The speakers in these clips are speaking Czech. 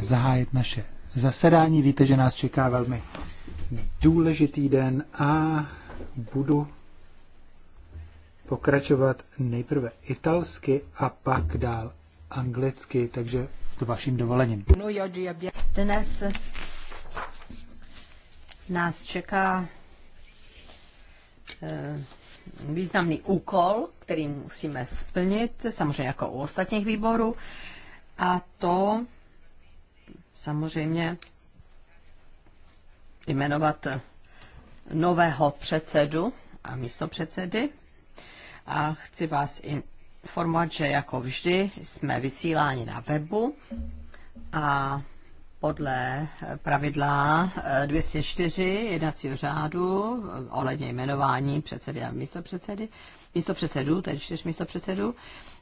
Zahájit naše zasedání. Víte, že nás čeká velmi důležitý den a budu pokračovat nejprve italsky a pak dál anglicky, takže s vaším dovolením. No, Dnes nás čeká eh, významný úkol, který musíme splnit, samozřejmě jako u ostatních výborů, a to samozřejmě jmenovat nového předsedu a místo předsedy. A chci vás informovat, že jako vždy jsme vysíláni na webu a podle eh, pravidla 204 eh, jednacího řádu eh, ohledně jmenování předsedy a místopředsedy, místopředsedů, tedy čtyř místopředsedů,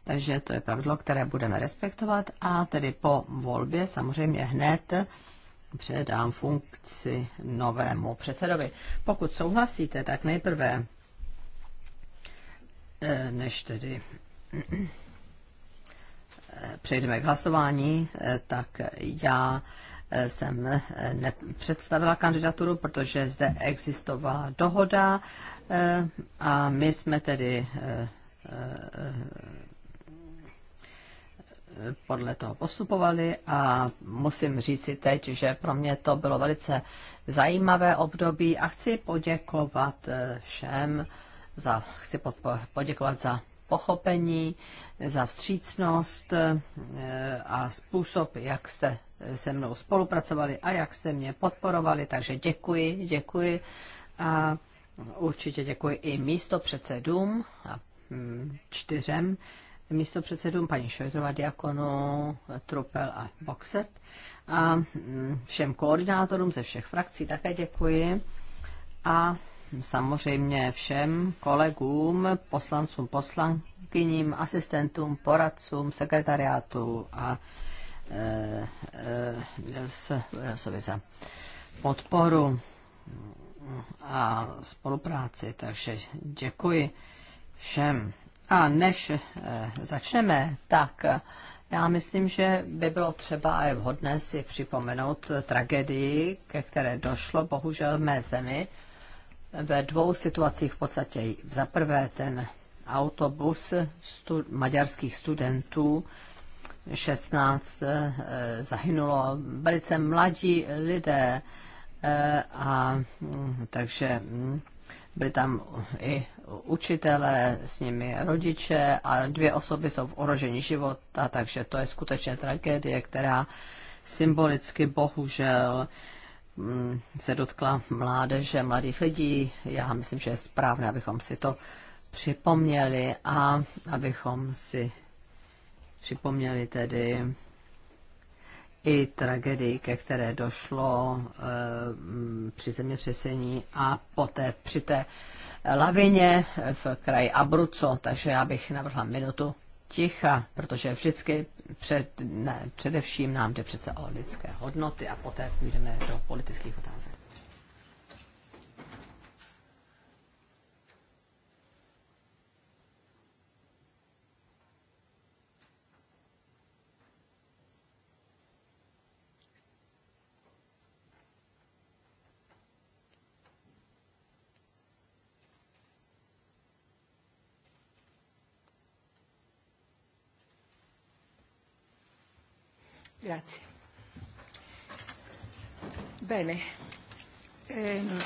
takže to je pravidlo, které budeme respektovat a tedy po volbě samozřejmě hned předám funkci novému předsedovi. Pokud souhlasíte, tak nejprve, než tedy přejdeme k hlasování, tak já jsem eh, nepředstavila kandidaturu, protože zde existovala dohoda eh, a my jsme tedy eh, podle toho postupovali a musím říci teď, že pro mě to bylo velice zajímavé období a chci poděkovat všem za, chci poděkovat za pochopení, za vstřícnost eh, a způsob, jak jste se mnou spolupracovali a jak jste mě podporovali. Takže děkuji, děkuji a určitě děkuji i místo předsedům a hm, čtyřem místo předsedům paní Šojtrova Diakonu, Trupel a Boxet a hm, všem koordinátorům ze všech frakcí také děkuji a samozřejmě všem kolegům, poslancům, poslankyním, asistentům, poradcům, sekretariátu a e, e, se, za podporu a spolupráci. Takže děkuji všem. A než e, začneme, tak já myslím, že by bylo třeba a je vhodné si připomenout tragédii, ke které došlo bohužel v mé zemi ve dvou situacích v podstatě. Za prvé ten autobus stu, maďarských studentů, 16 eh, zahynulo velice mladí lidé eh, a mm, takže mm, byli tam i učitelé, s nimi rodiče a dvě osoby jsou v ohrožení života, takže to je skutečně tragédie, která symbolicky bohužel Mm, se dotkla mládeže, mladých lidí. Já myslím, že je správné, abychom si to připomněli a abychom si připomněli tedy i tragedii, ke které došlo e, při zemětřesení a poté při té lavině v kraji Abruco. Takže já bych navrhla minutu ticha, protože vždycky před, ne, především nám jde přece o lidské hodnoty a poté půjdeme do politických otázek. Grazie. Bene. Ehm...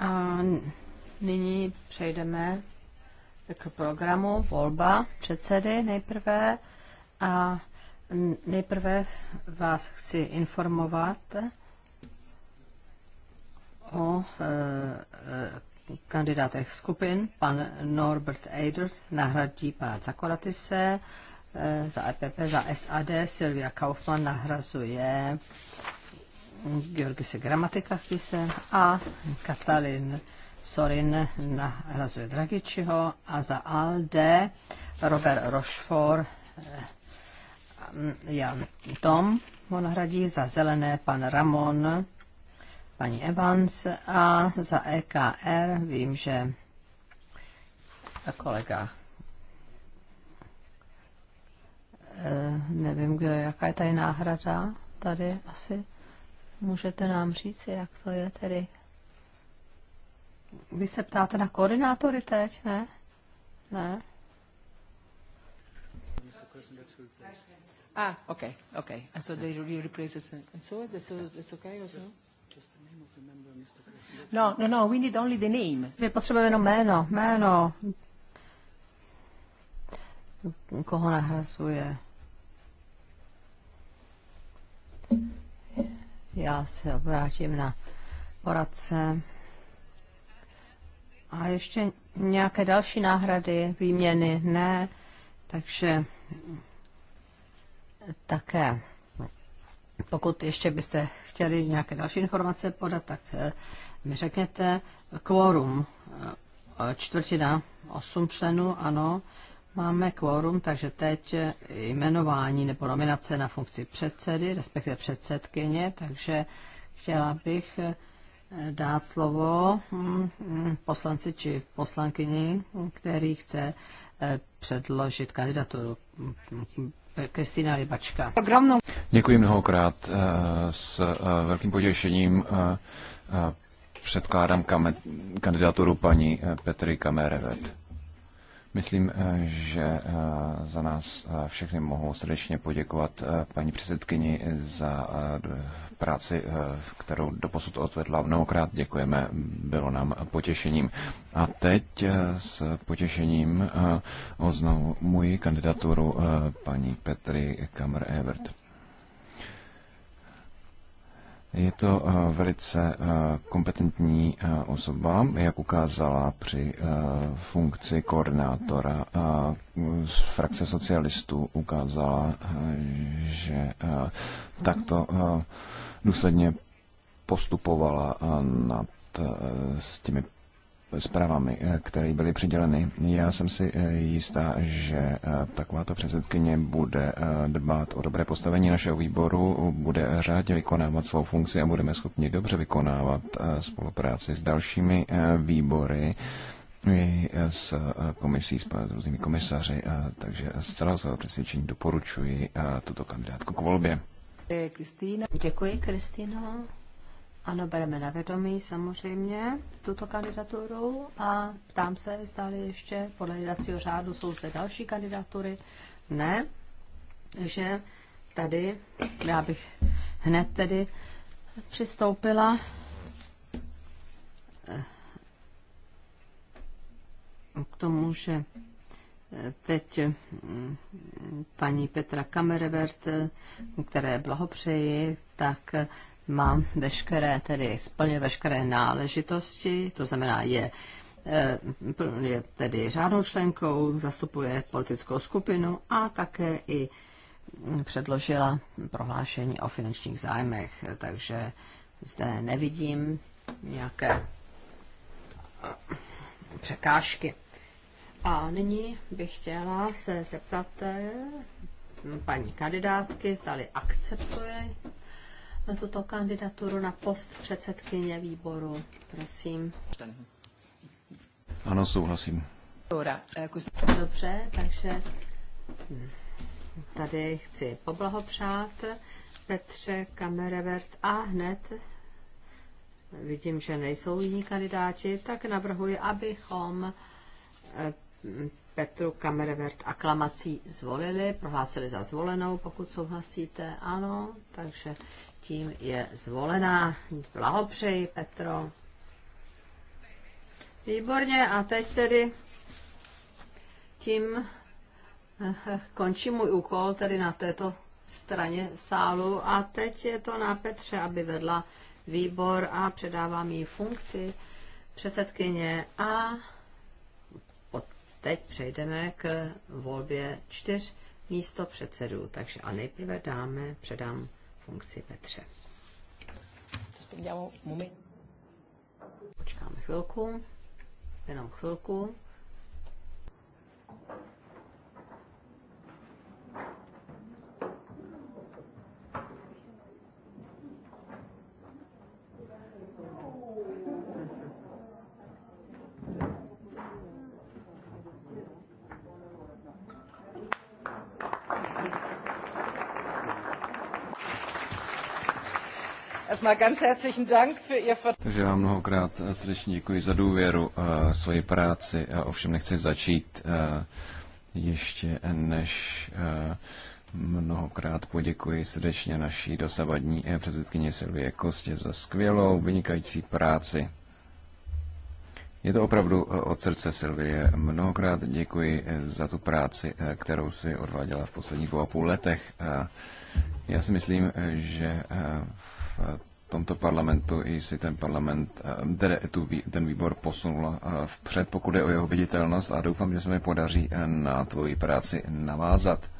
A nyní přejdeme k programu volba předsedy nejprve a nejprve vás chci informovat, o e, e, kandidátech skupin. Pan Norbert Eidert nahradí pana Zakoratise, e, za EPP, za SAD, Silvia Kaufmann nahrazuje Georgise Gramatikakise a Katalin Sorin nahrazuje Dragičiho a za ALDE Robert Rochefort Jan Tom ho nahradí, za zelené pan Ramon paní Evans a za EKR vím, že kolega eh, nevím, kdo, jaká je tady náhrada tady asi. Můžete nám říct, jak to je tedy? Vy se ptáte na koordinátory teď, ne? Ne? Ah, okay, okay. And so they replace us and so that's, that's okay also? No, no, no, we need only the name. My potřebujeme jenom jméno, jméno. Koho nahrazuje? Já se obrátím na poradce. A ještě nějaké další náhrady, výměny? Ne. Takže také pokud ještě byste chtěli nějaké další informace podat, tak eh, mi řekněte. Kvórum eh, čtvrtina osm členů, ano, máme kvórum, takže teď eh, jmenování nebo nominace na funkci předsedy, respektive předsedkyně, takže chtěla bych dát slovo hm, hm, poslanci či poslankyni, který chce předložit kandidaturu. Kristýna Rybačka. Děkuji mnohokrát. Eh, s eh, velkým potěšením eh, předkládám kandidaturu paní Petry Kamerevet. Myslím, eh, že eh, za nás eh, všechny mohu srdečně poděkovat paní předsedkyni za práci, kterou doposud odvedla. Mnohokrát děkujeme, bylo nám potěšením. A teď s potěšením oznamuji kandidaturu paní Petry kamer evert je to eh, velice eh, kompetentní eh, osoba, jak ukázala při funkci koordinátora z frakce socialistů, ukázala, že takto důsledně postupovala nad s těmi zprávami, eh, které byly přiděleny. Já jsem si eh, jistá, že eh, takováto předsedkyně bude dbát o dobré postavení našeho výboru, bude řádně vykonávat svou funkci a budeme schopni dobře vykonávat spolupráci s dalšími výbory i s komisí, s různými komisaři, takže z celého svého přesvědčení doporučuji tuto kandidátku k volbě. Děkuji, Kristýno. Ano, bereme na vědomí samozřejmě tuto kandidaturu a ptám se, zda ještě podle jednacího řádu jsou zde další kandidatury. Ne, že tady, já bych hned tedy přistoupila eh, k tomu, že eh, teď mm, paní Petra Kamerevert, eh, které blahopřeji, tak má veškeré, tedy splně veškeré náležitosti, to znamená je, eh, je tedy řádnou členkou, zastupuje politickou skupinu a také i hm, předložila prohlášení o finančních zájmech, takže zde nevidím nějaké eh, překážky. A nyní bych chtěla se zeptat eh, paní kandidátky, zdali akceptuje tuto kandidaturu na post předsedkyně výboru. Prosím. Ano, souhlasím. Dobře, takže tady chci poblahopřát Petře Kamerevert a hned vidím, že nejsou jiní kandidáti, tak navrhuji, abychom eh, Petru Kamerevert aklamací zvolili, prohlásili za zvolenou, pokud souhlasíte, ano, takže tím je zvolená. Blahopřeji, Petro. Výborně, a teď tedy tím eh, končí můj úkol tedy na této straně sálu a teď je to na Petře, aby vedla výbor a předávám jí funkci předsedkyně a teď přejdeme k volbě čtyř místo předsedů. Takže a nejprve dáme, předám funkci Petře. Počkáme chvilku, jenom chvilku. Takže vám mnohokrát eh, srdečně děkuji za důvěru uh, svoji práci. Uh, ovšem nechci začít uh, ještě než uh, mnohokrát poděkuji srdečně naší dosavadní předsedkyně Silvie Kostě za skvělou, vynikající práci. Je to opravdu od srdce, Silvie. Mnohokrát děkuji za tu práci, kterou si odváděla v posledních dvou a půl letech. Já si myslím, že v tomto parlamentu i si ten parlament, eh, tedy tu, ten výbor posunul eh, vpřed, pokud je o jeho viditelnost a doufám, že se mi podaří eh, na tvoji práci navázat.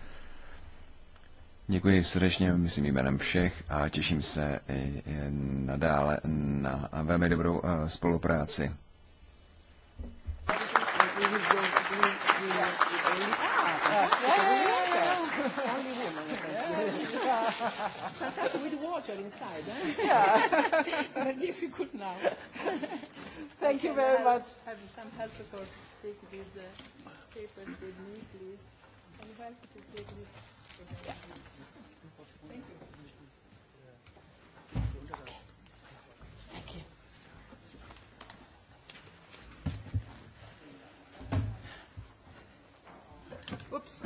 Děkuji srdečně, myslím jménem všech a těším se i nadále na velmi dobrou spolupráci. With water inside, eh? Yeah. it's very difficult now. Thank you very much. Have some help for take these uh, papers with me, please. Some help to take this. Yeah. Thank you. Ups.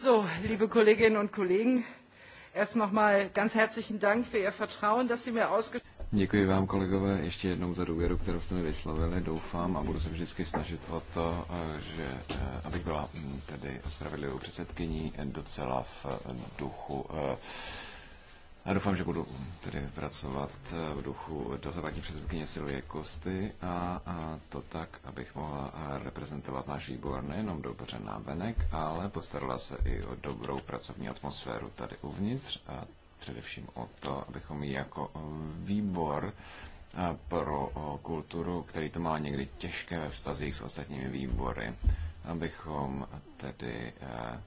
So, liebe Kolleginnen und Kollegen, erst noch mal ganz herzlichen Dank für Ihr Vertrauen, dass Sie mir ausgesprochen haben. Děkuji vám, kolegové, ještě jednou za důvěru, kterou jste mi vyslovili. Doufám a budu se vždycky snažit o to, eh, že eh, abych byla mm, tedy spravedlivou předsedkyní eh, docela v duchu a doufám, že budu mm, tedy pracovat v duchu dozavadní předsedkyně Silvie Kosty a, a to tak, abych mohla reprezentovat náš výbor nejenom dobře na venek, ale postarala se i o dobrou pracovní atmosféru tady uvnitř a především o to, abychom jako výbor eh, pro eh, kulturu, který to má někdy těžké ve vztazích s ostatními výbory, abychom tedy eh,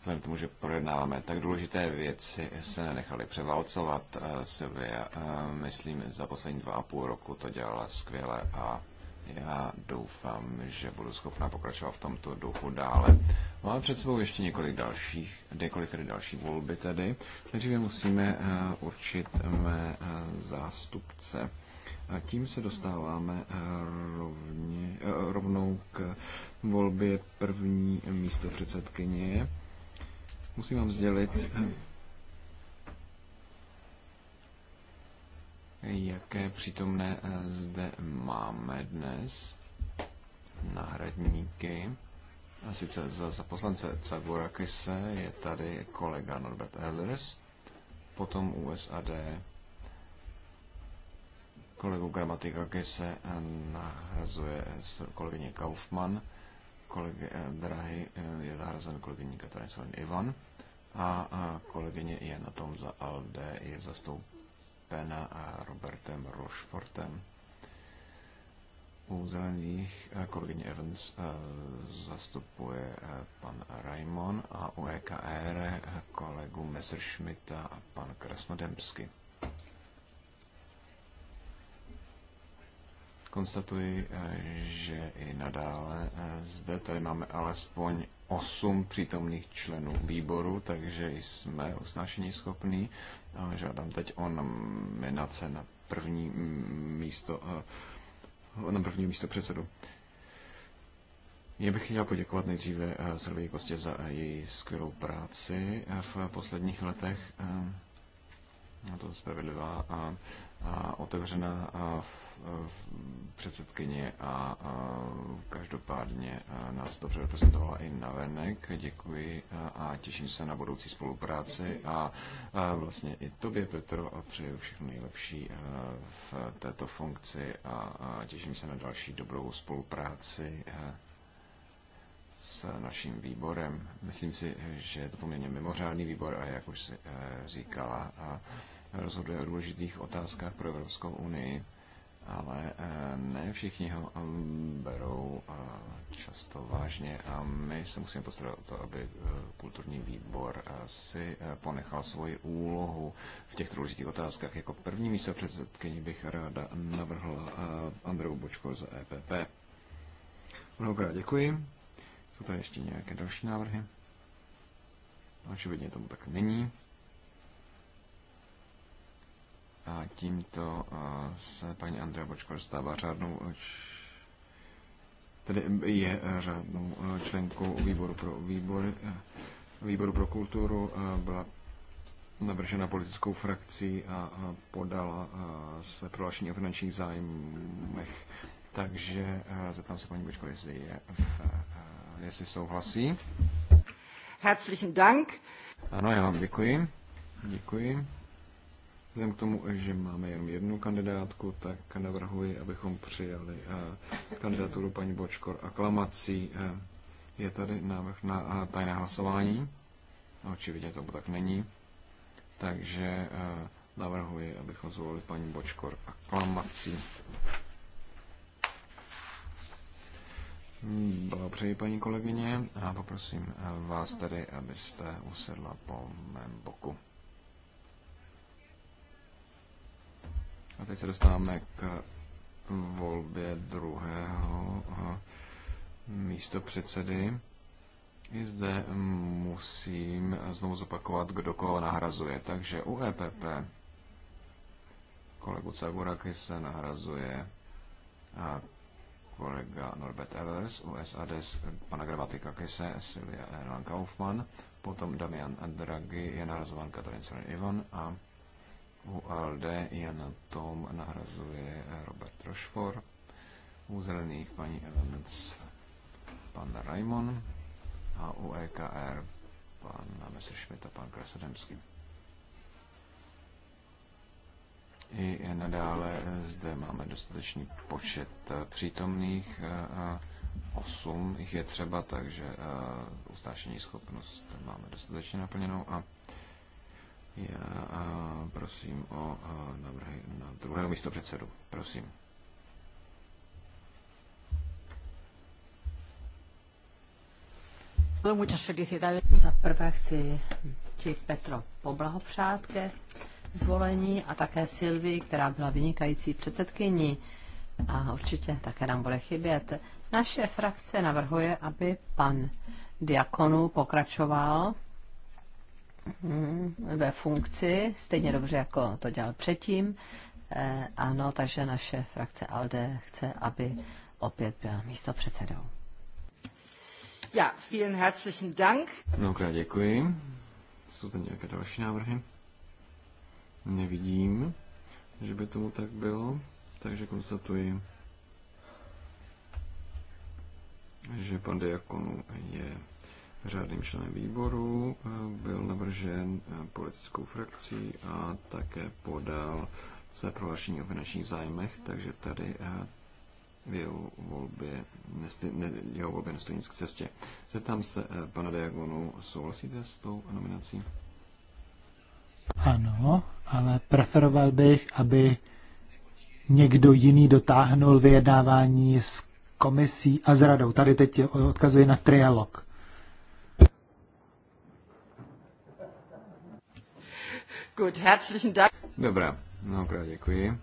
vzhledem k tomu, že projednáváme tak důležité věci, se nenechali převálcovat. Sylvia, myslím, za poslední dva a půl roku to dělala skvěle a já doufám, že budu schopna pokračovat v tomto duchu dále. Máme před sebou ještě několik dalších, několik tedy další volby tedy. Nejdříve musíme eh, určit mé eh, zástupce. A tím se dostáváme eh, rovně, rovnou k volbě první místo předsedkyně. Musím vám sdělit, jaké přítomné eh, zde máme dnes náhradníky. A sice za, za poslance Cagurakise je tady kolega Norbert Ehlers, potom USAD kolegu Gramatika Kise eh, nahrazuje kolegyně Kaufmann, kolegy eh, Drahy je nahrazen kolegyní Katarina Ivan a kolegyně Jana Tom za Alde je zastoupena Pena a Robertem Rochefortem. U zelených eh, kolegyně Evans eh, zastupuje eh, pan Raimon a u EKR kolegu Messerschmitta a pan Krasnodemsky. Konstatuji, že i nadále zde tady máme alespoň 8 přítomných členů výboru, takže jsme usnášení schopní. A žádám teď o nominace na první místo, eh, na první místo předsedu. Já bych chtěl poděkovat nejdříve eh, Silvii Kostě za eh, její skvělou práci v posledních letech. A to spravedlivá a, a otevřená a v Eh, předsedkyně a každopádně eh, nás dobře reprezentovala i na venek. Děkuji eh, a těším se na budoucí spolupráci a vlastně i tobě, Petro, a přeju všechno nejlepší v této funkci a těším se na další dobrou spolupráci s naším výborem. Myslím si, že je to poměrně mimořádný výbor a jak už si říkala, rozhoduje o důležitých otázkách pro Evropskou unii ale eh, ne všichni ho eh, berou eh, často vážně a my se musíme postarat o to, aby kulturní výbor si ponechal svoji úlohu v těchto důležitých otázkách. Jako první místo předsedkyni bych ráda navrhl Andreu Bočko z EPP. Mnohokrát děkuji. Jsou tady ještě nějaké další návrhy? Očividně tomu tak není. A tímto eh, se paní Andrea Bočko dostává řádnou eh, tedy je eh, řádnou členkou výboru pro výbor výboru pro kulturu, byla navržena politickou frakcí a podala své prohlášení o finančních zájmech. Takže zeptám se paní Bočko, jestli, je v, jestli souhlasí. Herzlichen Dank. Ano, já vám děkuji. Děkuji. Vzhledem k tomu, že máme jenom jednu kandidátku, tak navrhuji, abychom přijali eh, kandidaturu paní Bočkor aklamací. Eh, je tady návrh na eh, tajné hlasování? No, očividně to tak není. Takže navrhuji, abychom zvolili paní Bočkor aklamací. Blahopřeji, paní kolegyně, a poprosím vás tedy, abyste usedla po mém boku. A teď se dostáváme k volbě druhého eh, místo předsedy. I zde musím znovu zopakovat, kdo koho nahrazuje. Takže u EPP kolegu Caguraky se nahrazuje a eh, kolega Norbert Evers, u SAD pana Gravatika Kise, Silvia Erlan Kaufmann, potom Damian Draghi je nahrazován Katarín Ivan a u ALD Jana Tom nahrazuje Robert Rochefort. U zelených paní Elements pan Raimon a u EKR pan Messerschmidt a pan Krasademský. I nadále zde máme dostatečný počet eh, přítomných, 8 eh, jich je třeba, takže eh, ustášení schopnost máme dostatečně naplněnou a já prosím o návrhy na druhého místo předsedu. Prosím. No, Za prvé chci ti Petro poblahopřát ke zvolení a také Silvi, která byla vynikající předsedkyní a určitě také nám bude chybět. Naše frakce navrhuje, aby pan Diakonu pokračoval ve funkci, stejně dobře, jako to dělal předtím. Eh, ano, takže naše frakce ALDE chce, aby opět byl místo předsedou. Ja, vielen herzlichen Dank. Mnohokrát děkuji. Jsou tam nějaké další návrhy? Nevidím, že by tomu tak bylo, takže konstatuji, že pan Diakonu je řádným členem výboru, eh, byl navržen eh, politickou frakcí a také podal své prohlášení o finančních zájmech, takže tady eh, v jeho volbě, ne, jeho volbě nestojí nic k cestě. Zeptám se eh, pana Diagonu, souhlasíte s tou nominací? Ano, ale preferoval bych, aby někdo jiný dotáhnul vyjednávání s komisí a s radou. Tady teď odkazuji na trialog. Good, herzlichen Dank. Dobrá, mnohokrát děkuji.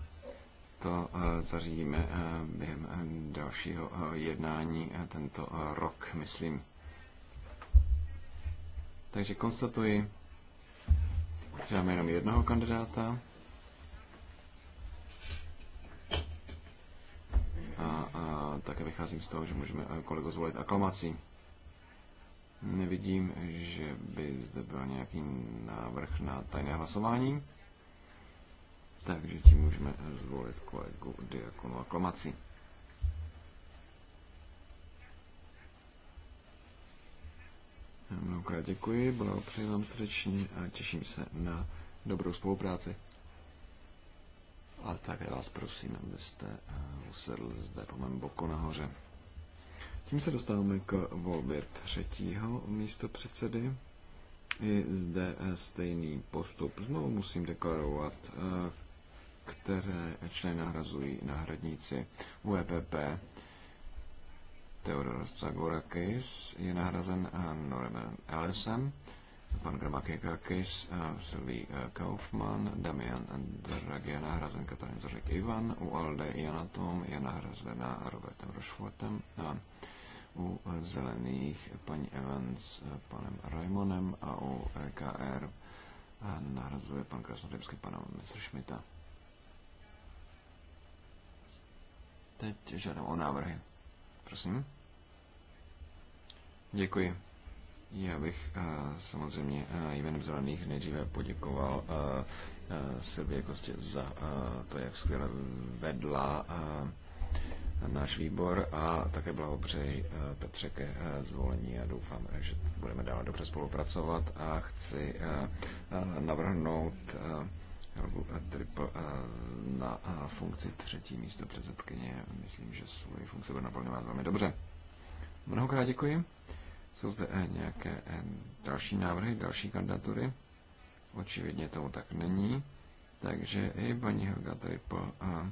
To eh, zařídíme eh, během eh, dalšího jednání tento rok, myslím. Takže konstatuji, že máme jenom jednoho kandidáta. A, a také vycházím z toho, že můžeme kolegu zvolit aklamací. Nevidím, že by zde byl nějaký návrh na tajné hlasování. Takže tím můžeme zvolit kolegu Diakonu aklamaci. Mnohokrát děkuji, blahopřeji vám srdečně a těším se na dobrou spolupráci. A také vás prosím, abyste eh, usedl zde po mém boku nahoře. Tím se dostáváme k volbě třetího místo předsedy. I zde eh, stejný postup. Znovu musím deklarovat, eh, které členy nahrazují náhradníci UEPP. Teodor Zagorakis je nahrazen eh, Norman Ellisem pan Grabakekakis, eh, Sylvie eh, Kaufmann, Damian Dragia Hrazen, Katarín Zorek Ivan, u Alde Jana Tom je nahrazena Robertem Rošfortem a u Zelených paní Evans eh, panem Raimonem a u EKR nahrazuje pan Krasnodebský pana Messerschmitta. Teď žádám o návrhy. Prosím. Děkuji. Já bych eh, samozřejmě eh, jménem Zelených nejdříve poděkoval eh, Silvě Kostě za to, jak skvěle vedla náš výbor a také blahopřeji Petře ke zvolení a doufám, že budeme dál dobře spolupracovat a chci navrhnout uh, Triple na funkci třetí místo předsedkyně. Myslím, že svoji funkci bude naplňovat velmi dobře. Mnohokrát děkuji. Jsou zde eh, nějaké eh, další návrhy, další kandidatury? Očividně tomu tak není. Takže i paní Helga tady eh,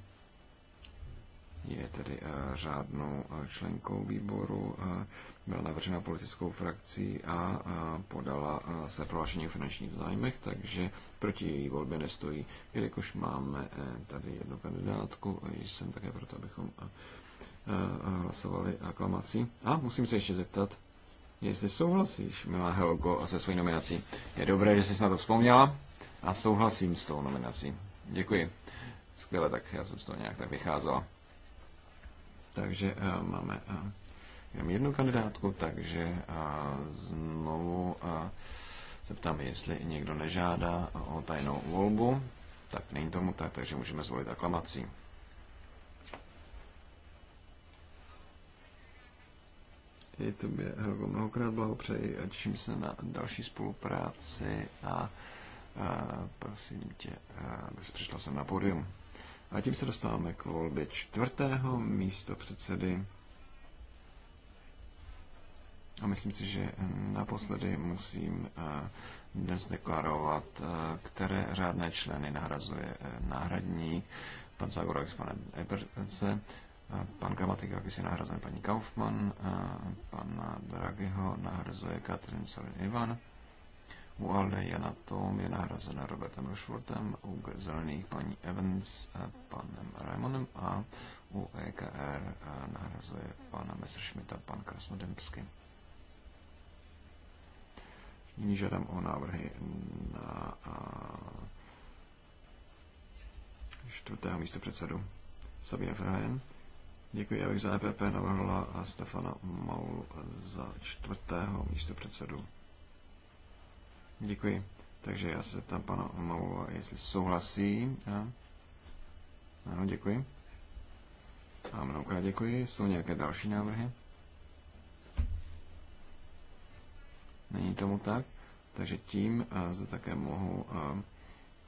je tedy řádnou členkou výboru, byla navržena politickou frakcí a podala se prohlášení o finančních zájmech, takže proti její volbě nestojí. Jelikož máme tady jednu kandidátku, jsem také proto, abychom hlasovali aklamací. A musím se ještě zeptat, jestli souhlasíš, milá Helko, se svojí nominací. Je dobré, že jsi na to vzpomněla a souhlasím s tou nominací. Děkuji. Skvěle, tak já jsem z toho nějak tak vycházela. Takže uh, máme uh, jenom jednu kandidátku, takže uh, znovu uh, se ptám, jestli někdo nežádá o tajnou volbu. Tak není tomu tak, takže můžeme zvolit aklamací. I tobě, Helgo, mnohokrát blahopřeji a těším se na další spolupráci a, a prosím tě, abys přišla sem na pódium. A tím se dostáváme k volbě čtvrtého místo předsedy. A myslím si, že naposledy musím dnes deklarovat, které řádné členy nahrazuje e, náhradník pan Zagorovic, s Eberce pan Gramatika je nahrazen paní Kaufmann, pana Dragiho nahrazuje Katrin Salin Ivan, u Alde Jana Tom je nahrazena Robertem Rushfortem, u Zelených paní Evans panem Raimonem a u EKR nahrazuje pana Messerschmitta pan Krasnodemsky. Nyní žádám o návrhy na čtvrtého místo předsedu Sabine Frahen. Děkuji, já bych za EPP navrhla a Stefana Maul za čtvrtého místo předsedu. Děkuji. Takže já se tam pana Maulu, jestli souhlasí. A... Ano, děkuji. A mnohokrát děkuji. Jsou nějaké další návrhy? Není tomu tak. Takže tím a za také mohu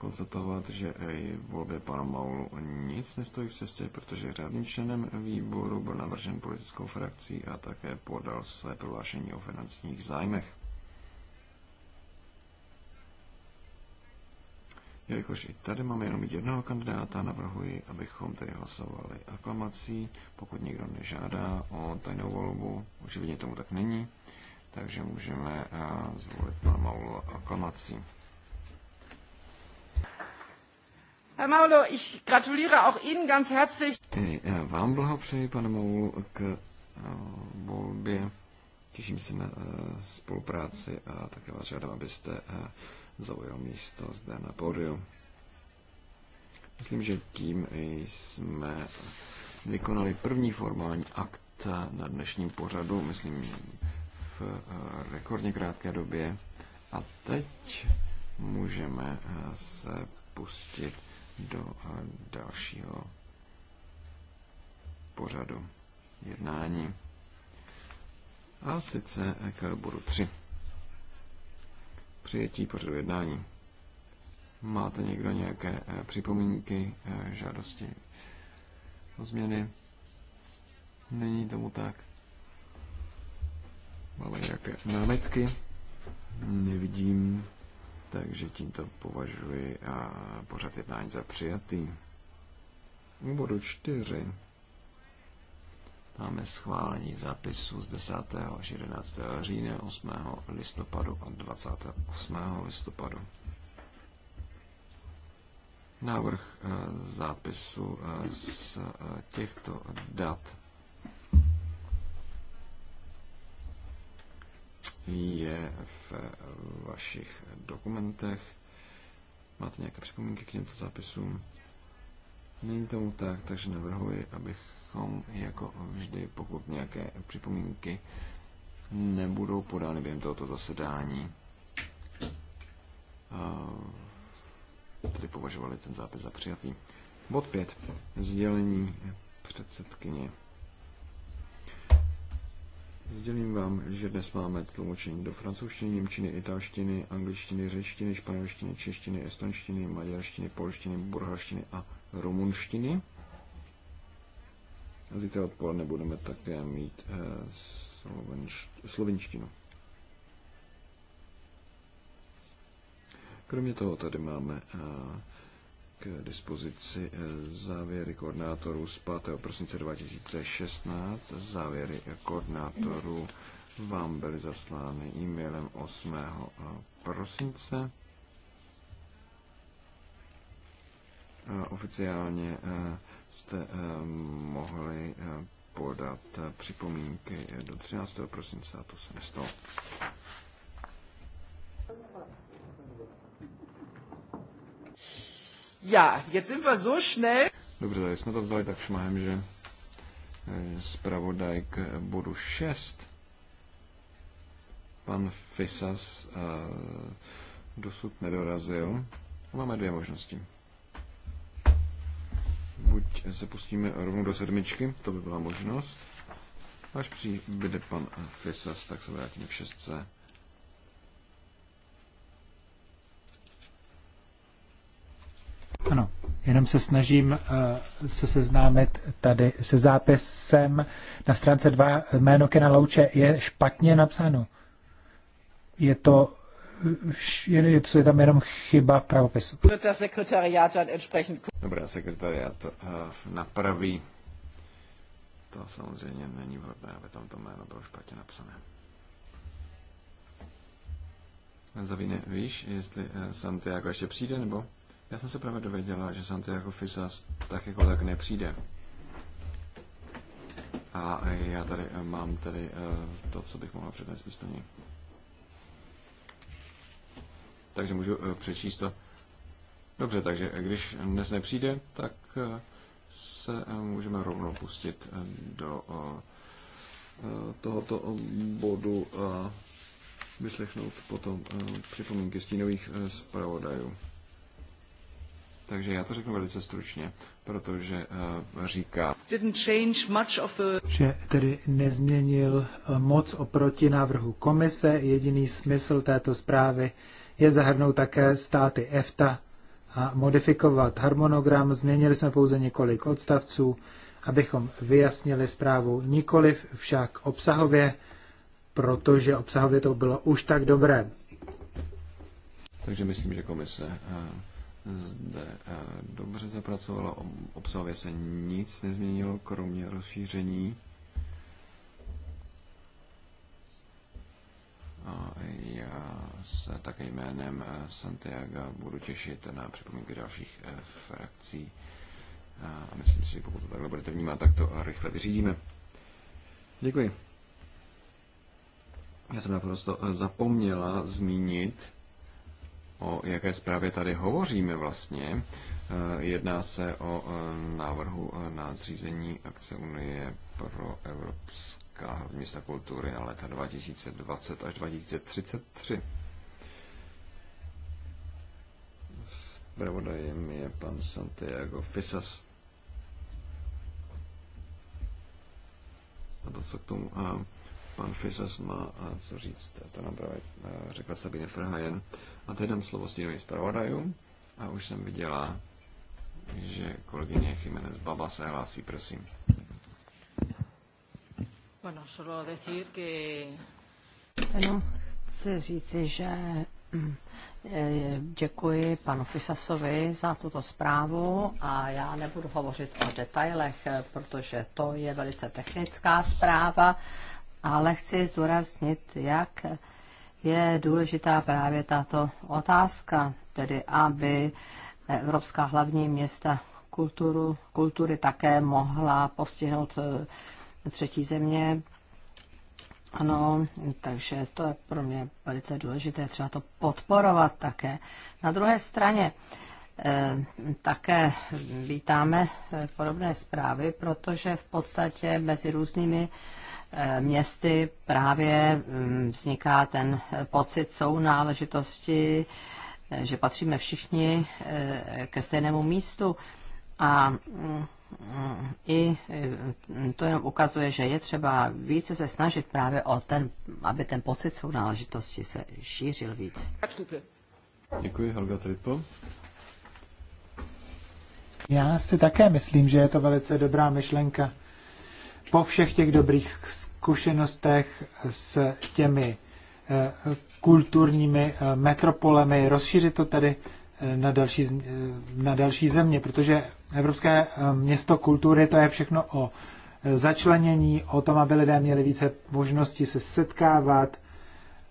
konstatovat, že i volbě pana Maulu nic nestojí v cestě, protože řádným členem výboru byl navržen politickou frakcí a také podal své prohlášení o finančních zájmech. Jelikož i tady máme jenom jednoho kandidáta, navrhuji, abychom tedy hlasovali aklamací, pokud nikdo nežádá o tajnou volbu. Očividně tomu tak není, takže můžeme eh, zvolit pana Maulu aklamací. Herr Maulo, ich gratuliere auch Ihnen ganz herzlich. Eh, vám blahopřeji, pane Maulo, k eh, volbě. Těším se na eh, spolupráci a také vás žádám, abyste zaujal místo zde na pódiu. Myslím, že tím jsme vykonali první formální akt na dnešním pořadu, myslím v rekordně krátké době. A teď můžeme se pustit do dalšího pořadu jednání. A sice k bodu 3. Přijetí pořadu jednání. Máte někdo nějaké e, připomínky, e, žádosti o změny? Není tomu tak. Máme nějaké námetky? Nevidím. Takže tímto považuji a pořad jednání za přijatý. U bodu čtyři. máme schválení zápisu z 10. až 11. října, 8. listopadu a 28. listopadu. Návrh e, zápisu e, z e, těchto dat je v eh, vašich dokumentech. Máte nějaké připomínky k těmto zápisům? Není tomu tak, takže navrhuji, abychom jako vždy, pokud nějaké připomínky nebudou podány během tohoto zasedání, eh, tedy považovali ten zápis za přijatý. Bod 5. Sdělení předsedkyně. Sdělím vám, že dnes máme tlumočení do francouzštiny, němčiny, italštiny, angličtiny, řečtiny, španělštiny, češtiny, estonštiny, maďarštiny, polštiny, burhaštiny a rumunštiny. A zítra odpoledne budeme také mít slovenš- eh, slovenštinu. Kromě toho tady máme eh, k dispozici eh, závěry koordinátorů z 5. prosince 2016. Závěry koordinátorů vám byly zaslány e-mailem 8. Eh, prosince. Oficiálně eh, jste mohli podat připomínky do 13. prosince a to se nestalo. Ja, jetzt sind wir so schnell. Dobře, tady jsme to vzali tak šmahem, že zpravodaj k bodu 6. Pan Fisas uh, dosud nedorazil. Máme dvě možnosti. Buď se pustíme rovnou do sedmičky, to by byla možnost. Až přijde pan Fisas, tak se vrátíme k šestce. Ano, jenom se snažím eh, se seznámit tady se zápisem. Na stránce 2 jméno Kena Louče je špatně napsáno. Je to je, je tam jenom chyba v pravopisu. Dobrá, sekretariát eh, napraví. To samozřejmě není vhodné, aby tam to jméno bylo špatně napsané. Zavíne, víš, jestli eh, Santiago ještě přijde, nebo? Já jsem se právě dověděla, že Santiago Fisas tak jako tak nepřijde. A já tady eh, mám tady eh, to, co bych mohla přednést místo ní. Takže můžu eh, přečíst to. Dobře, takže když dnes nepřijde, tak se můžeme rovnou pustit do tohoto bodu a vyslechnout potom připomínky stínových zpravodajů. Takže já to řeknu velice stručně, protože uh, říká, že tedy nezměnil eh, moc oproti návrhu komise. Jediný smysl této zprávy je zahrnout také státy EFTA a modifikovat harmonogram. Změnili jsme pouze několik odstavců, abychom vyjasnili zprávu nikoliv však obsahově, protože obsahově to bylo už tak dobré. Takže myslím, že komise uh zde eh, dobře zapracovalo, obsahově se nic nezměnilo, kromě rozšíření. A já se také jménem eh, Santiago budu těšit na připomínky dalších eh, frakcí. A myslím si, že pokud to takhle budete vnímat, tak to rychle vyřídíme. Děkuji. Já jsem naprosto zapomněla zmínit, o jaké zprávě tady hovoříme vlastně. E, jedná se o e, návrhu e, na zřízení akce Unie pro Evropská hlavní města kultury na léta 2020 až 2033. Zpravodajem je pan Santiago Fisas. A to, co k tomu Pan Fisas má a eh, co říct, to nám právě eh, řekla Sabine Frhajen. A teď dám slovo stínovým zpravodajům a už jsem viděla, že kolegyně Jiménez Baba se hlásí, prosím. Bueno, solo decir que... Jenom chci říci, že mm, eh, Děkuji panu Fisasovi za tuto zprávu a já nebudu hovořit o detailech, protože to je velice technická zpráva ale chci zdůraznit, jak je důležitá právě tato otázka, tedy aby Evropská hlavní města kulturu, kultury také mohla postihnout eh, třetí země. Ano, takže to je pro mě velice důležité, třeba to podporovat také. Na druhé straně eh, také vítáme eh, podobné zprávy, protože v podstatě mezi různými městy právě mm, vzniká ten pocit sounáležitosti, že patříme všichni eh, ke stejnému místu. A mm, i mm, to jenom ukazuje, že je třeba více se snažit právě o ten, aby ten pocit sounáležitosti se šířil víc. Děkuji, Helga Tripo. Já si také myslím, že je to velice dobrá myšlenka po všech těch dobrých zkušenostech s těmi eh, kulturními eh, metropolemi, rozšířit to tady eh, na další, na další země, protože Evropské město kultury to je všechno o začlenění, o tom, aby lidé měli více možností se setkávat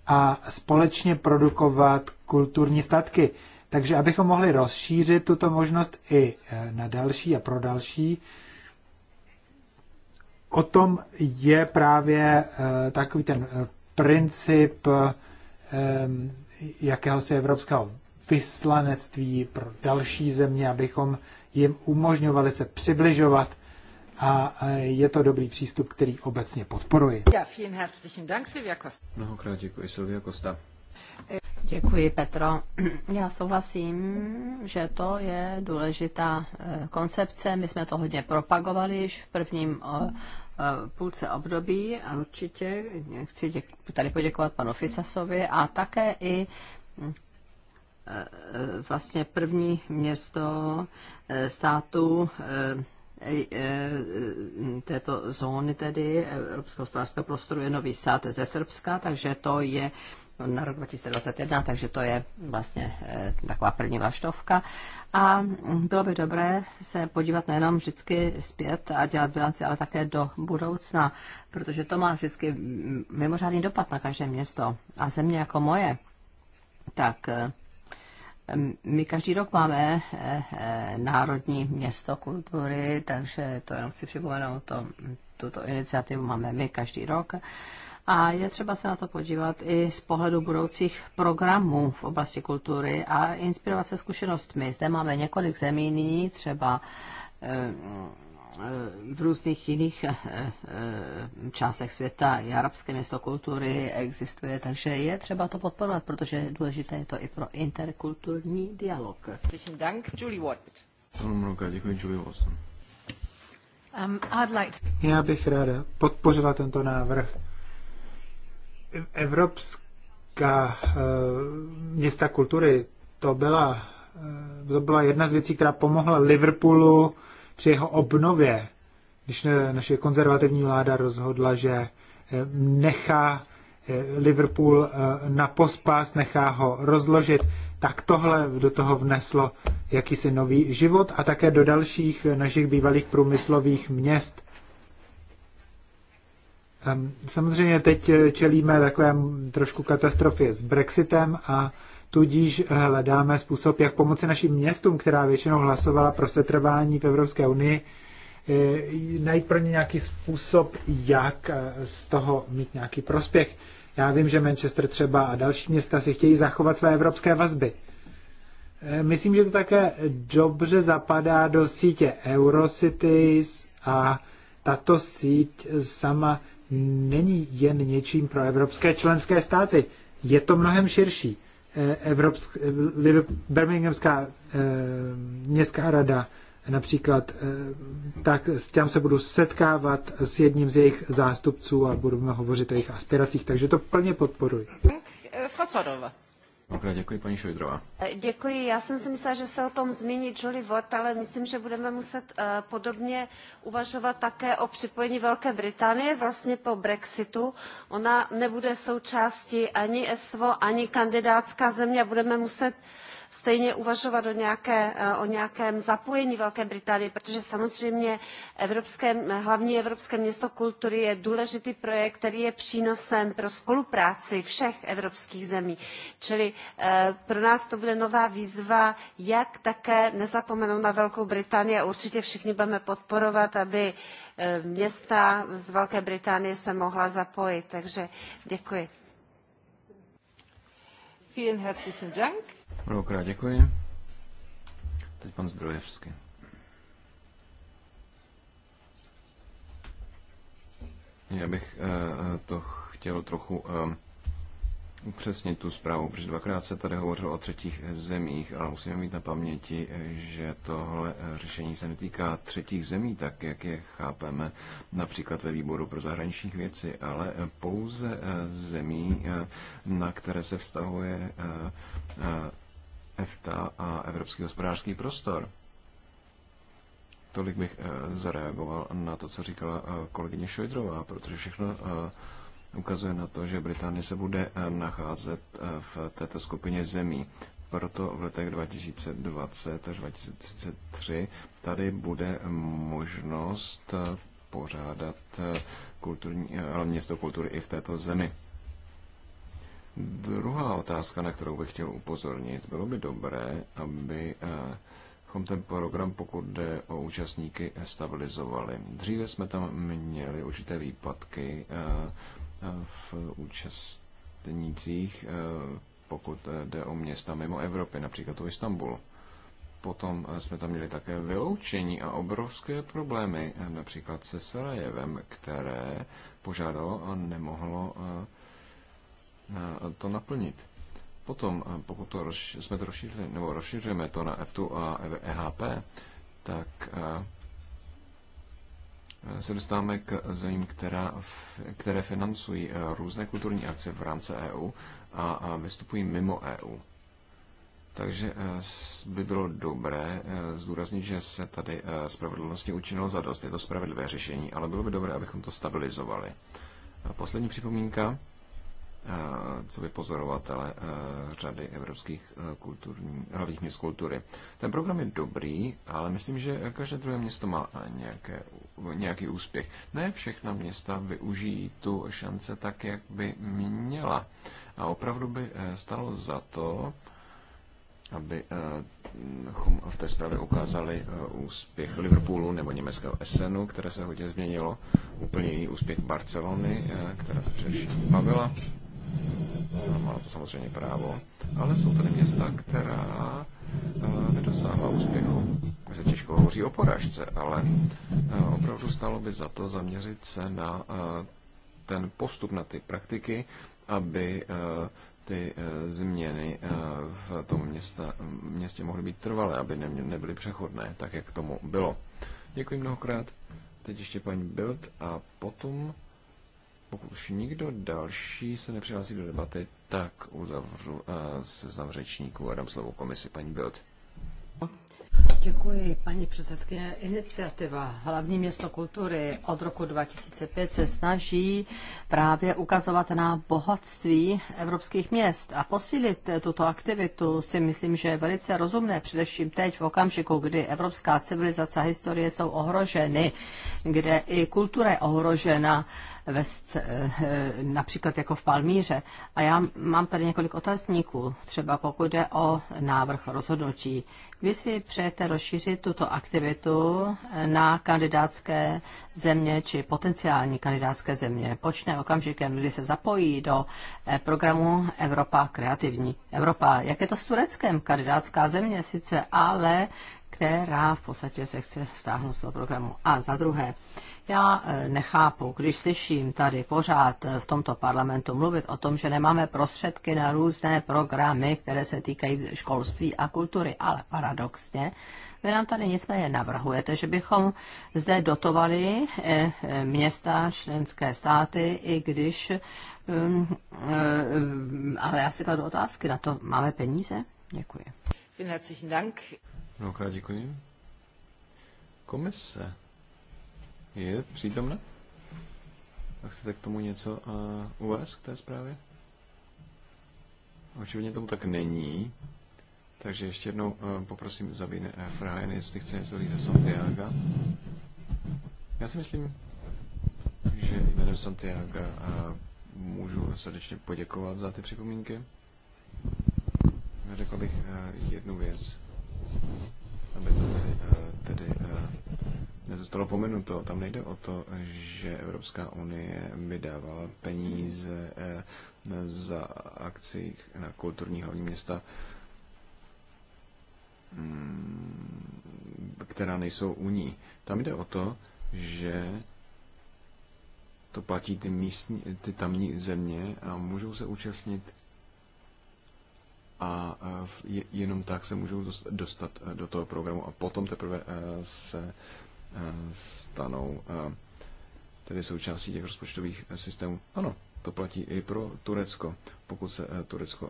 a společně produkovat kulturní statky. Takže abychom mohli rozšířit tuto možnost i na další a pro další, o tom je právě eh, takový ten eh, princip eh, jakéhosi evropského vyslanectví pro další země, abychom jim umožňovali se přibližovat a je to dobrý přístup, který obecně podporuji. Mnohokrát děkuji, Silvia Kosta. Děkuji, Petro. Já souhlasím, že to je důležitá koncepce. My jsme to hodně propagovali již v prvním Eh, půlce období a určitě chci tady poděkovat panu Fisasovi a také i eh, eh, vlastně první město státu této zóny, tedy Evropského hospodářského prostoru, je Nový Sad ze Srbska, takže to je na rok 2021, takže to je vlastně eh, taková první vlaštovka. A bylo by dobré se podívat nejenom vždycky zpět a dělat bilanci, ale také do budoucna, protože to má vždycky mimořádný dopad na každé město. A země jako moje, tak eh, my každý rok máme eh, Národní město kultury, takže to jenom chci připomenout, to, tuto iniciativu máme my každý rok. A je třeba se na to podívat i z pohledu budoucích programů v oblasti kultury a inspirovat se zkušenostmi. Zde máme několik zemí nyní, třeba eh, eh, v různých jiných eh, částech světa i arabské město kultury existuje, takže je třeba to podporovat, protože důležité je to i pro interkulturní dialog. Julie um, Já bych ráda podpořila tento návrh Evropská eh, města kultury, to byla, eh, to byla jedna z věcí, která pomohla Liverpoolu při jeho obnově, když naše konzervativní vláda rozhodla, že eh, nechá Liverpool na pospas, nechá ho rozložit, tak tohle do toho vneslo jakýsi nový život a také do dalších našich bývalých průmyslových měst Ehm, samozřejmě teď eh, čelíme takové trošku katastrofě s Brexitem a tudíž eh, hledáme způsob, jak pomoci našim městům, která většinou hlasovala pro setrvání v Evropské unii, eh, najít pro ně nějaký způsob, jak z toho mít nějaký prospěch. Já vím, že Manchester třeba a další města si chtějí zachovat své evropské vazby. Myslím, že to také dobře zapadá do sítě Eurocities a tato síť sama není jen něčím pro evropské členské státy. Je to mnohem širší. Eh, Evropsk, eh, Birminghamská eh, městská rada například, tak s tím se budu setkávat s jedním z jejich zástupců a budeme hovořit o jejich aspiracích, takže to plně podporuji. Mnohokrát děkuji, paní Šojdrová. Eh, děkuji. Já jsem si myslela, že se o tom zmíní Julie Watt, ale myslím, že budeme muset eh, podobně uvažovat také o připojení Velké Británie vlastně po Brexitu. Ona nebude součástí ani ESVO, ani kandidátská země a budeme muset stejně uvažovat eh, o, nějakém zapojení Velké Británie, protože samozřejmě hlavní Evropské město kultury je důležitý projekt, který je přínosem pro spolupráci všech evropských zemí. Čili eh, pro nás to bude nová výzva, jak také nezapomenout na Velkou Británii a určitě všichni budeme podporovat, aby eh, města z Velké Británie se mohla zapojit. Takže děkuji. Vielen herzlichen Dank. Mnohokrát děkuji. Teď pan Zdrojevský. Já bych eh, eh, to chtěl trochu eh, upřesnit tu zprávu, protože dvakrát se tady hovořilo o třetích zemích, ale musíme mít na paměti, že tohle řešení se netýká třetích zemí, tak jak je chápeme například ve výboru pro zahraničních věci, ale pouze zemí, na které se vztahuje EFTA a Evropský hospodářský prostor. Tolik bych eh, zareagoval na to, co říkala eh, kolegyně Šojdrová, protože všechno eh, ukazuje na to, že Británie se bude nacházet v této skupině zemí. Proto v letech 2020 až 2033 tady bude možnost pořádat kulturní, město kultury i v této zemi. Druhá otázka, na kterou bych chtěl upozornit, bylo by dobré, aby eh, ten program, pokud jde o účastníky, stabilizovali. Dříve jsme tam měli určité výpadky eh, v účastnících, eh, pokud jde o města mimo Evropy, například o Istanbul. Potom jsme tam měli také vyloučení a obrovské problémy, například se Sarajevem, které požádalo a nemohlo to naplnit. Potom, pokud to roz, jsme to rozšířili, nebo rozšíříme to na F2 a EHP, tak se dostáváme k zemím, která, které financují různé kulturní akce v rámci EU a vystupují mimo EU. Takže by bylo dobré zdůraznit, že se tady spravedlnosti učinilo za dost. Je to spravedlivé řešení, ale bylo by dobré, abychom to stabilizovali. poslední připomínka co by pozorovatele řady evropských kulturní, hlavních měst kultury. Ten program je dobrý, ale myslím, že každé druhé město má nějaké, nějaký úspěch. Ne všechna města využijí tu šance tak, jak by měla. A opravdu by e, stalo za to, aby e, v té zprávě ukázali e, úspěch Liverpoolu nebo německého Essenu, které se hodně změnilo, úplně jiný úspěch Barcelony, která se především bavila. No, má to samozřejmě právo, ale jsou tady města, která eh, nedosáhla úspěchu. Se těžko hovoří o poražce, ale eh, opravdu stalo by za to zaměřit se na eh, ten postup, na ty praktiky, aby ty změny v tom města, městě mohly být trvalé, aby nebyly přechodné, tak jak tomu bylo. Děkuji mnohokrát. Teď ještě paní Bild a potom pokud už nikdo další se nepřihlásí do debaty, tak uzavřu eh, znam řečníků a dám slovo komisi paní Bild. Děkuji, paní předsedkyně. Iniciativa Hlavní město kultury od roku 2005 se snaží právě ukazovat na bohatství evropských měst a posílit tuto aktivitu si myslím, že je velice rozumné, především teď v okamžiku, kdy evropská civilizace a historie jsou ohroženy, kde i kultura je ohrožena ve, eh, například jako v Palmíře. A já mám tady několik otazníků, třeba pokud jde o návrh rozhodnutí. Vy si přejete rozšířit tuto aktivitu na kandidátské země či potenciální kandidátské země. Počne okamžikem, kdy se zapojí do eh, programu Evropa kreativní. Evropa, jak je to s Tureckem? Kandidátská země sice, ale která v podstatě se chce stáhnout z toho programu. A za druhé, já e, nechápu, když slyším tady pořád e, v tomto parlamentu mluvit o tom, že nemáme prostředky na různé programy, které se týkají školství a kultury, ale paradoxně, vy nám tady nicméně navrhujete, že bychom zde dotovali e, města, členské státy, i když, ale já si kladu otázky na to, máme peníze? Děkuji. Vielen herzlichen Dank. Mnohokrát děkuji. Komise je přítomna? A chcete k tomu něco uh, uvést k té zprávě? Očividně tomu tak není. Takže ještě jednou uh, poprosím Zabine eh, Frajen, jestli chce něco říct ze Santiago. Já si myslím, že jménem Santiago uh, můžu srdečně poděkovat za ty připomínky. Řekl bych uh, jednu věc aby to tady, eh, tedy eh, nezůstalo pominuto. Tam nejde o to, že Evropská unie by dávala peníze eh, za akci na kulturní hlavní města, mm, která nejsou u ní. Tam jde o to, že to platí ty, místní, ty tamní země a můžou se účastnit a e, jenom tak se můžou dostat e, do toho programu a potom teprve e, se stanou tedy součástí těch rozpočtových systémů. Ano, to platí i pro Turecko. Pokud se Turecko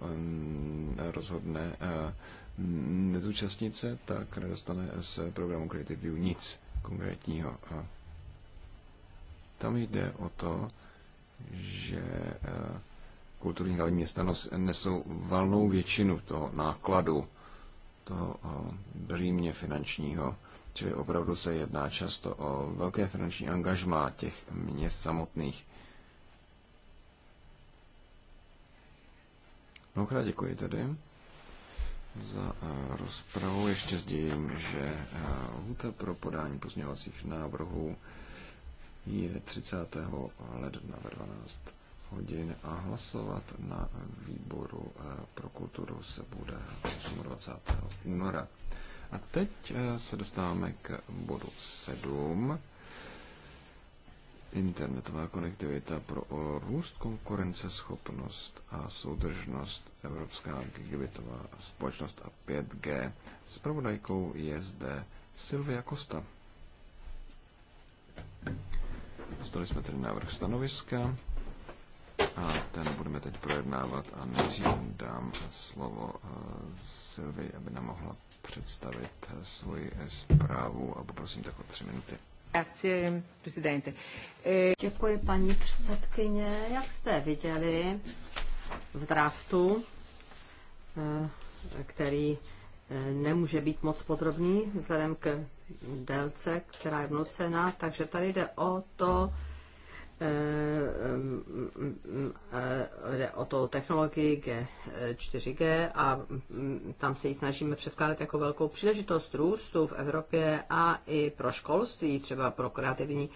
rozhodne nezúčastnit se, tak nedostane z programu Creative View nic konkrétního. Tam jde o to, že kulturní hlavní města nesou valnou většinu toho nákladu, toho eh, břímě finančního. Čili opravdu se jedná často o velké finanční angažmá těch měst samotných. Mnohokrát děkuji tedy za eh, rozpravu. Ještě sdělím, že eh, lhuta pro podání pozměňovacích návrhů je 30. ledna ve 12 hodin a hlasovat na výboru eh, pro kulturu se bude 28. února. A teď eh, se dostáváme k bodu 7. Internetová konektivita pro eh, růst konkurenceschopnost a soudržnost Evropská gigabitová společnost a 5G. Spravodajkou je zde Silvia Costa. Dostali jsme tedy návrh stanoviska a ten budeme teď projednávat a nejdřív dám slovo eh, Silvi, aby nám mohla představit eh, svoji eh, zprávu a poprosím tak o tři minuty. Děkuji, paní předsedkyně. Jak jste viděli v draftu, který nemůže být moc podrobný vzhledem k délce, která je vnucená, takže tady jde o to, Eh, jde o to technologii G, 4G a tam se ji snažíme předkládat jako velkou příležitost růstu v Evropě a i pro školství, třeba pro kreativní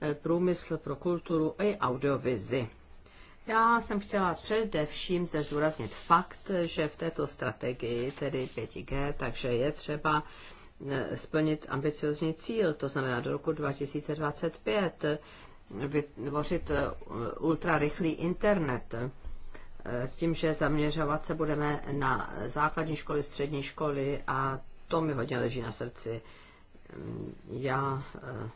eh, průmysl, pro kulturu i audiovizi. Já jsem chtěla především zde zdůraznit fakt, že v této strategii, tedy 5G, takže je třeba eh, splnit ambiciozní cíl, to znamená do roku 2025 vytvořit eh, ultrarychlý internet eh, s tím, že zaměřovat se budeme na základní školy, střední školy a to mi hodně leží na srdci. Mm, já eh,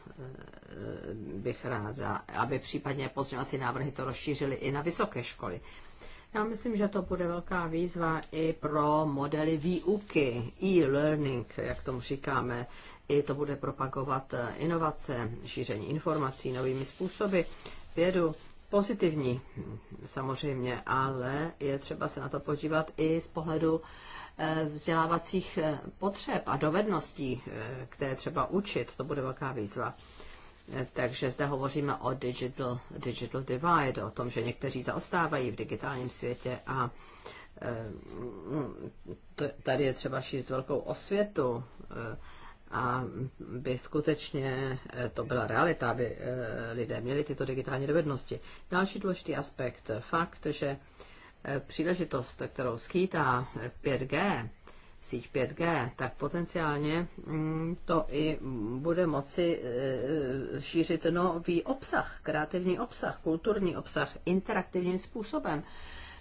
bych ráda, aby případně pozměňovací návrhy to rozšířily i na vysoké školy. Já myslím, že to bude velká výzva i pro modely výuky, e-learning, jak tomu říkáme, i to bude propagovat eh, inovace, šíření informací novými způsoby, vědu, pozitivní hm, samozřejmě, ale je třeba se na to podívat i z pohledu eh, vzdělávacích eh, potřeb a dovedností, které třeba učit, to bude velká výzva. Takže zde hovoříme o digital, digital divide, o tom, že někteří zaostávají v digitálním světě a tady je třeba šířit velkou osvětu a by skutečně eh, to byla realita, aby eh, lidé měli tyto digitální dovednosti. Další důležitý aspekt, fakt, že eh, příležitost, kterou skýtá 5G, síť 5G, tak potenciálně mm, to i bude moci šířit nový obsah, kreativní obsah, kulturní obsah interaktivním způsobem.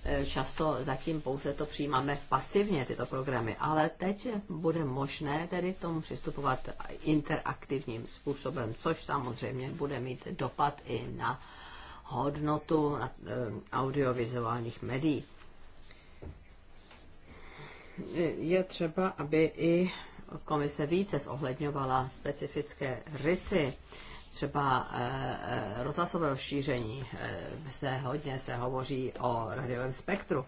Eh, často zatím pouze to přijímáme pasivně, tyto programy, ale teď bude možné tedy k tomu přistupovat interaktivním způsobem, což samozřejmě bude mít dopad i na hodnotu na eh, audiovizuálních médií. Eh, je třeba, aby i komise více zohledňovala specifické rysy třeba eh, eh, rozhlasového šíření. Eh, se hodně se hovoří o radiovém spektru.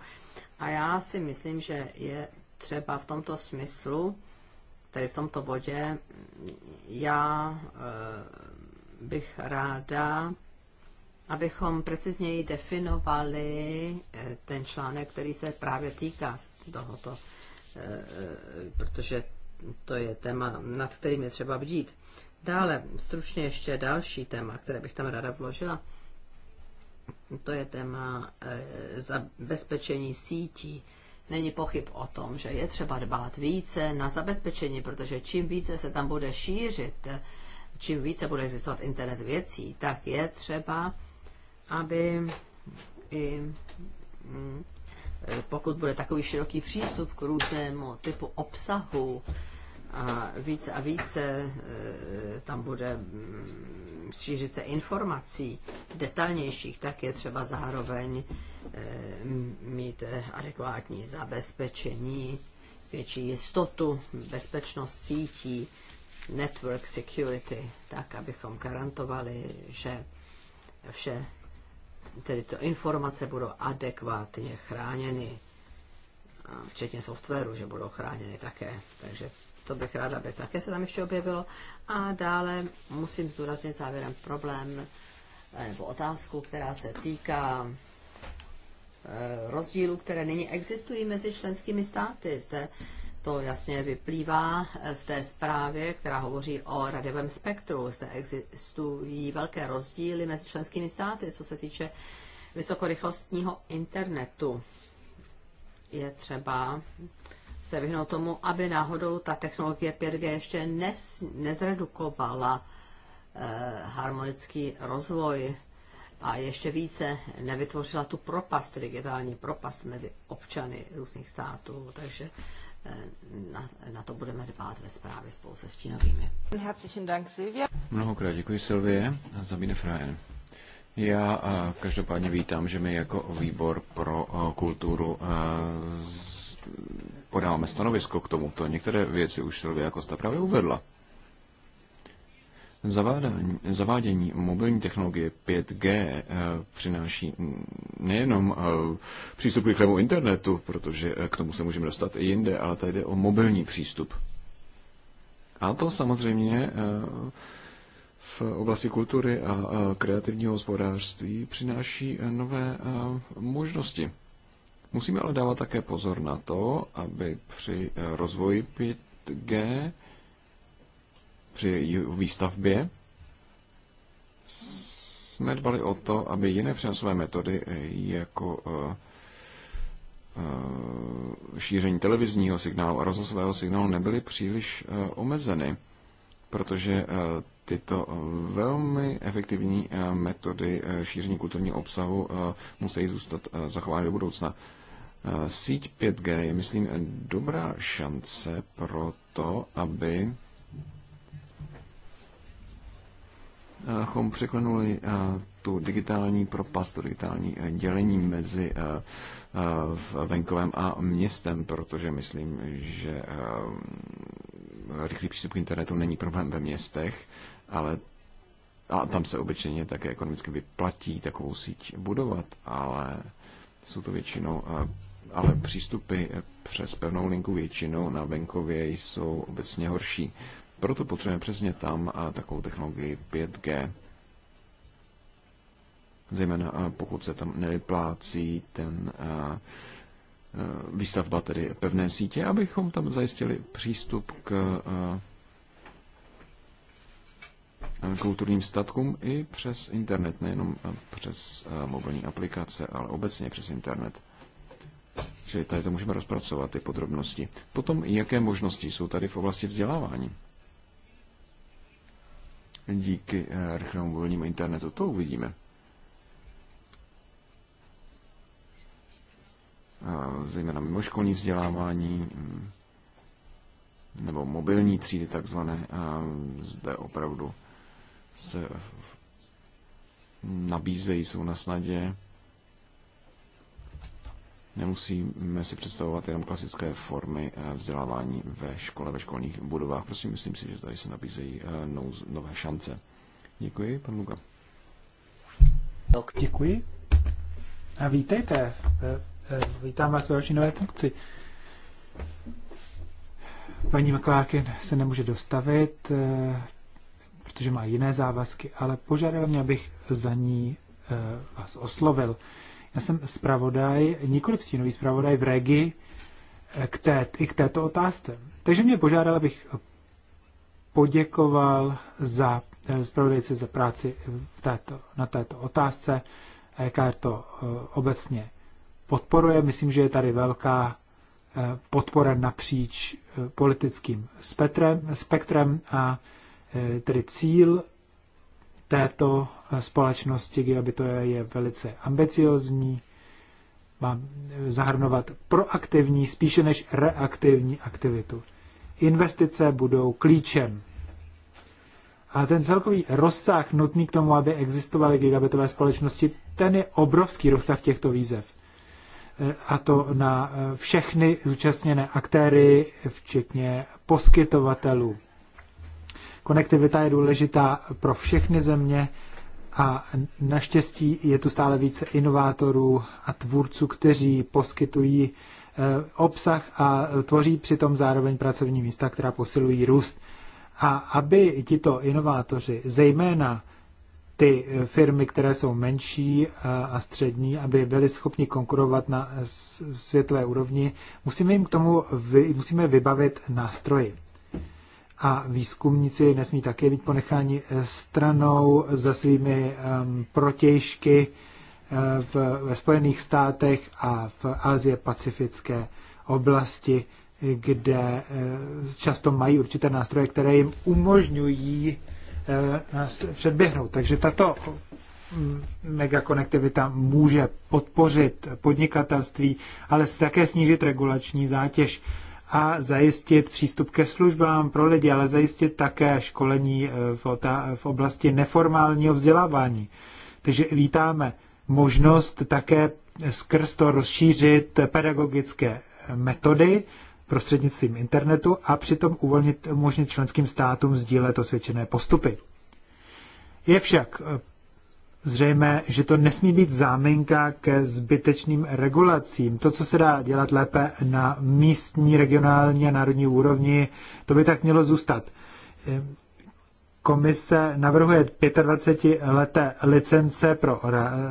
A já si myslím, že je třeba v tomto smyslu, tedy v tomto bodě, já bych ráda, abychom precizněji definovali ten článek, který se právě týká tohoto, protože to je téma, nad kterým je třeba bdít. Dále stručně ještě další téma, které bych tam ráda vložila. To je téma e, zabezpečení sítí. Není pochyb o tom, že je třeba dbát více na zabezpečení, protože čím více se tam bude šířit, čím více bude existovat internet věcí, tak je třeba, aby i mm, eh, pokud bude takový široký přístup k různému typu obsahu, a více a více tam bude mm, šířit se informací detailnějších, tak je třeba zároveň e, mít adekvátní zabezpečení, větší jistotu, bezpečnost sítí, network security, tak, abychom garantovali, že vše, tedy to informace budou adekvátně chráněny, včetně softwaru, že budou chráněny také. Takže to bych ráda, aby také se tam ještě objevilo. A dále musím zdůraznit závěrem problém eh, nebo otázku, která se týká eh, rozdílů, které nyní existují mezi členskými státy. Zde to jasně vyplývá eh, v té zprávě, která hovoří o radiovém spektru. Zde existují velké rozdíly mezi členskými státy, co se týče vysokorychlostního internetu. Je třeba se vyhnout tomu, aby náhodou ta technologie 5G ještě nes nezredukovala eh, harmonický rozvoj a ještě více nevytvořila tu propast, digitální propast mezi občany různých států. Takže eh, na, na to budeme dbát ve zprávě spolu se Stínovými. Mnohokrát děkuji, Silvie. a Zabine Frajen. Já každopádně vítám, že my jako výbor pro eh, kulturu eh, podáváme stanovisko k tomuto. Některé věci už Silvia Kosta právě uvedla. Zavádání, zavádění mobilní technologie 5G eh, přináší nejenom eh, přístup k rychlému internetu, protože eh, k tomu se můžeme dostat i jinde, ale tady jde o mobilní přístup. A to samozřejmě v oblasti kultury a kreativního hospodářství přináší nové možnosti. Musíme ale dávat také pozor na to, aby při eh, rozvoji 5G, při výstavbě, jsme dbali o to, aby jiné přenosové metody, eh, jako eh, šíření televizního signálu a rozhlasového signálu, nebyly příliš omezeny, protože tyto velmi efektivní metody šíření kulturního obsahu musí zůstat zachovány do budoucna. Eh, síť 5G je, myslím, dobrá šance pro to, aby chom překlenuli eh, tu digitální propast, to digitální eh, dělení mezi venkovem a městem, protože myslím, že rychlý přístup k internetu není problém ve městech, ale a tam se obyčejně také ekonomicky vyplatí takovou síť budovat, ale jsou to většinou ale přístupy přes pevnou linku většinou na venkově jsou obecně horší. Proto potřebujeme přesně tam a takovou technologii 5G. Zejména pokud se tam nevyplácí ten a, výstavba tedy pevné sítě, abychom tam zajistili přístup k kulturním statkům i přes internet, nejenom přes mobilní aplikace, ale obecně přes internet. Čili tady to můžeme rozpracovat, ty podrobnosti. Potom, jaké možnosti jsou tady v oblasti vzdělávání? Díky eh, rychlému volnímu internetu to uvidíme. Eh, zejména mimoškolní vzdělávání mm, nebo mobilní třídy takzvané. Eh, zde opravdu se nabízejí, jsou na snadě Nemusíme si představovat jenom klasické formy eh, vzdělávání ve škole, ve školních budovách. Prosím, myslím si, že tady se nabízejí eh, nové šance. Děkuji, pan Luka. Děkuji. A vítejte. Eh, vítám vás ve vaší nové funkci. Paní McClarkin se nemůže dostavit, protože má jiné závazky, ale požádala mě, abych za ní vás oslovil. Já jsem zpravodaj, nikoliv stínový zpravodaj v Regi eh, k té, i k této otázce. Takže mě požádala, abych poděkoval za eh, zpravodajci za práci této, na této otázce. EKR to eh, obecně podporuje. Myslím, že je tady velká podpora napříč politickým spektrem, spektrem a tedy cíl této eh, společnosti, aby to je velice ambiciozní, má eh, zahrnovat proaktivní spíše než reaktivní aktivitu. Investice budou klíčem. A ten celkový rozsah nutný k tomu, aby existovaly gigabitové společnosti, ten je obrovský rozsah těchto výzev. Eh, a to na všechny zúčastněné aktéry, včetně poskytovatelů. Konektivita je důležitá pro všechny země a naštěstí je tu stále více inovátorů a tvůrců, kteří poskytují eh, obsah a tvoří přitom zároveň pracovní místa, která posilují růst. A aby tito inovátoři, zejména ty eh, firmy, které jsou menší eh, a střední, aby byly schopni konkurovat na světové úrovni, musíme jim k tomu musíme vybavit nástroji a výzkumníci nesmí také být ponecháni eh, stranou za svými um, protějšky eh, v, ve Spojených státech a v Asie pacifické oblasti, kde eh, často mají určité nástroje, které jim umožňují nás předběhnout. Takže tato mm, megakonektivita může podpořit podnikatelství, ale také snížit regulační zátěž a zajistit přístup ke službám pro lidi, ale zajistit také školení eh, v oblasti neformálního vzdělávání. Takže vítáme možnost také skrz to rozšířit pedagogické metody prostřednictvím internetu a přitom uvolnit, umožnit členským státům sdílet osvědčené postupy. Je však eh, zřejmé, že to nesmí být záminka ke zbytečným regulacím. To, co se dá dělat lépe na místní, regionální a národní úrovni, to by tak mělo zůstat. Komise navrhuje 25-leté licence pro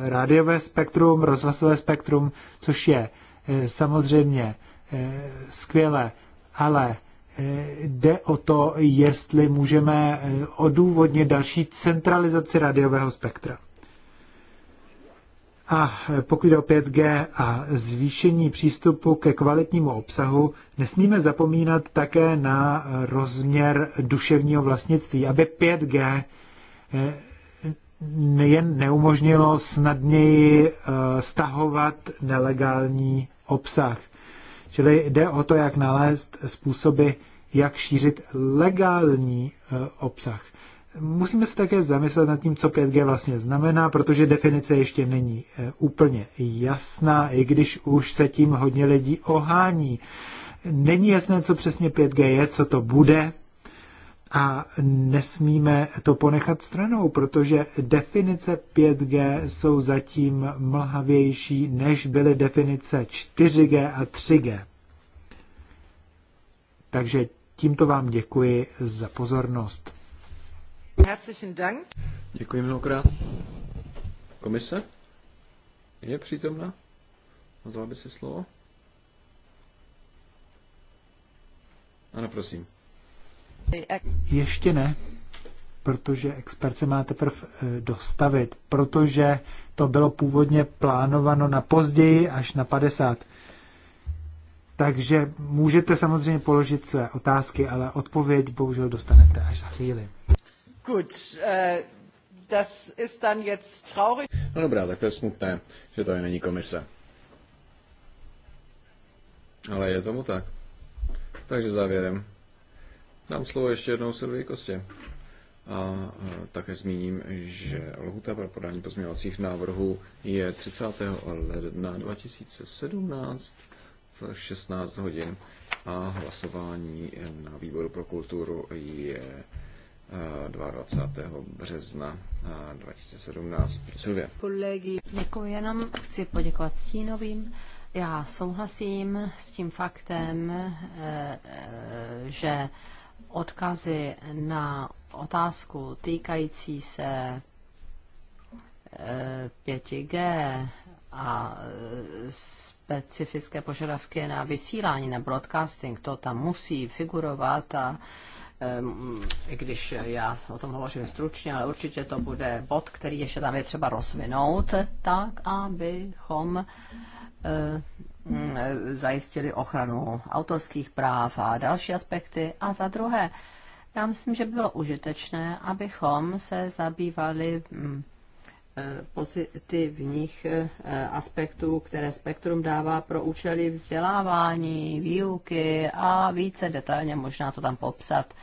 rádiové spektrum, rozhlasové spektrum, což je eh, samozřejmě eh, skvělé, ale eh, jde o to, jestli můžeme odůvodnit další centralizaci radiového spektra. A pokud jde o 5G a zvýšení přístupu ke kvalitnímu obsahu, nesmíme zapomínat také na rozměr duševního vlastnictví, aby 5G eh, nejen neumožnilo snadněji eh, stahovat nelegální obsah. Čili jde o to, jak nalézt způsoby, jak šířit legální eh, obsah musíme se také zamyslet nad tím, co 5G vlastně znamená, protože definice ještě není eh, úplně jasná, i když už se tím hodně lidí ohání. Není jasné, co přesně 5G je, co to bude a nesmíme to ponechat stranou, protože definice 5G jsou zatím mlhavější, než byly definice 4G a 3G. Takže tímto vám děkuji za pozornost. Herzlichen Dank. Děkuji mnohokrát. Komise? Je přítomna? Vzala by si slovo? Ano, prosím. Ještě ne, protože expert se má teprve eh, dostavit, protože to bylo původně plánováno na později až na 50. Takže můžete samozřejmě položit své otázky, ale odpověď bohužel dostanete až za chvíli. Gut, äh, das ist dann jetzt traurig. No dobrá, tak to je smutné, že tady není komise. Ale je tomu tak. Takže závěrem. Dám slovo ještě jednou Silvii Kostě. A e, také zmíním, že lhuta pro podání pozměňovacích návrhů je 30. ledna 2017 v 16 hodin a hlasování na výboru pro kulturu je 22. března 2017. Eh, Silvě. Kolegy, děkuji, jenom chci poděkovat stínovým. Já souhlasím s tím faktem, eh, eh, že odkazy na otázku týkající se 5G a specifické požadavky na vysílání, na broadcasting, to tam musí figurovat a Ehm, i když já o tom hovořím stručně, ale určitě to bude bod, který ještě tam je třeba rozvinout, tak abychom ehm, e, zajistili ochranu autorských práv a další aspekty. A za druhé, já myslím, že by bylo užitečné, abychom se zabývali mm, Eh, pozitivních eh, aspektů, které spektrum dává pro účely vzdělávání, výuky a více detailně možná to tam popsat.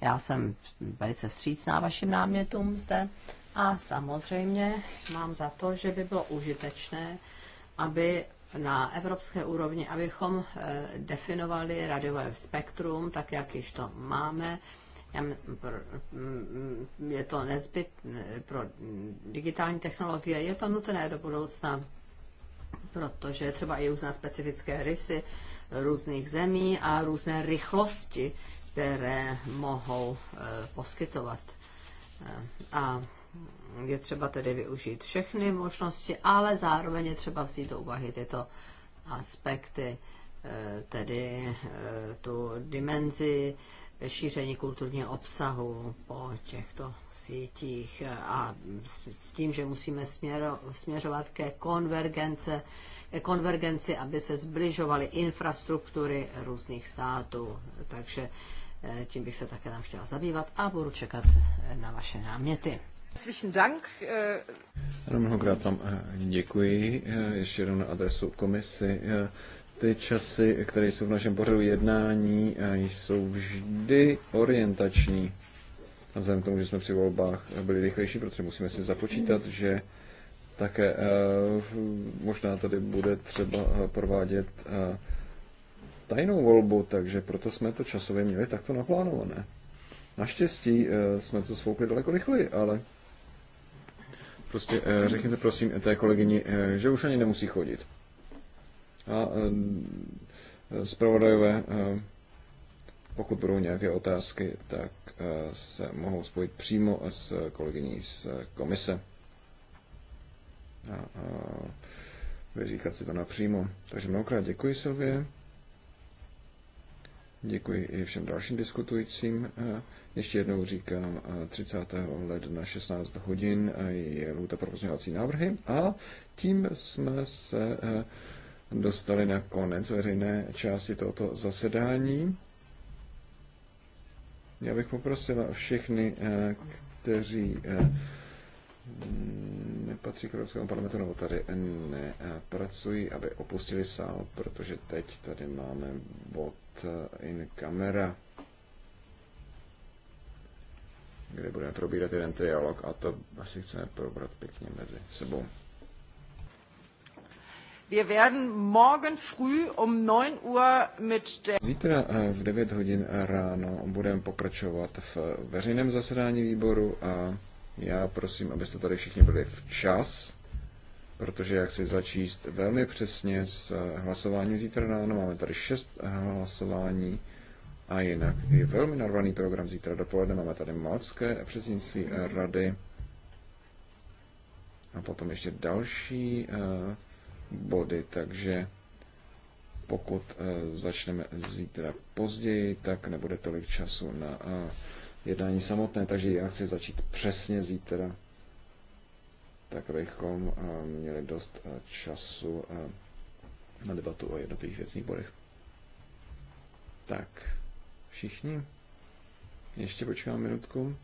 Já jsem velice vstřícná vašim námětům zde a samozřejmě mám za to, že by bylo užitečné, aby na evropské úrovni, abychom eh, definovali radiové spektrum, tak jak již to máme, Mm, je to nezbyt eh, pro digitální technologie, je to nutné do budoucna, protože třeba i různé specifické rysy různých zemí a různé rychlosti, které mohou eh, poskytovat. Eh, a je třeba tedy využít všechny možnosti, ale zároveň je třeba vzít do úvahy tyto aspekty, tedy tu dimenzi, šíření kulturního obsahu po těchto sítích a s tím, že musíme směro, směřovat ke konvergence, ke konvergenci, aby se zbližovaly infrastruktury různých států. Takže eh, tím bych se také tam chtěla zabývat a budu čekat eh, na vaše náměty. Eh. Mnohokrát vám děkuji. Ještě jednou na adresu komisy ty časy, které jsou v našem pořadu jednání, eh, jsou vždy orientační. A vzhledem k tomu, že jsme při volbách eh, byli rychlejší, protože musíme si započítat, že také eh, možná tady bude třeba provádět tajnou volbu, takže proto jsme to časově měli takto naplánované. Naštěstí jsme to svoukli daleko rychleji, ale prostě řekněte prosím té kolegyni, že už ani nemusí chodit a eh, zpravodajové, eh, pokud budou nějaké otázky, tak eh, se mohou spojit přímo s kolegyní z komise. A, vyříkat si to napřímo. Takže mnohokrát děkuji Silvě. Děkuji i všem dalším diskutujícím. Ještě jednou říkám, 30. ledna 16 hodin je lůta pro návrhy a tím jsme se dostali na konec veřejné části tohoto zasedání. Já bych poprosila všechny, eh, kteří eh, mm, nepatří k Evropskému parlamentu nebo tady nepracují, aby opustili sál, protože teď tady máme bod eh, in camera, kde budeme probírat jeden trialog a to asi chceme probrat pěkně mezi sebou. Um zítra eh, v 9 hodin ráno budeme pokračovat v veřejném zasedání výboru a já prosím, abyste tady všichni byli včas, protože já chci začíst velmi přesně s eh, hlasováním zítra ráno. Máme tady šest eh, hlasování a jinak je velmi narvaný program zítra dopoledne. Máme tady malcké předsednictví rady a potom ještě další uh, body, takže pokud eh, začneme zítra později, tak nebude tolik času na eh, jednání samotné, takže já chci začít přesně zítra, tak abychom eh, měli dost času na debatu o jednotlivých věcných bodech. Tak, všichni? Ještě počkám minutku.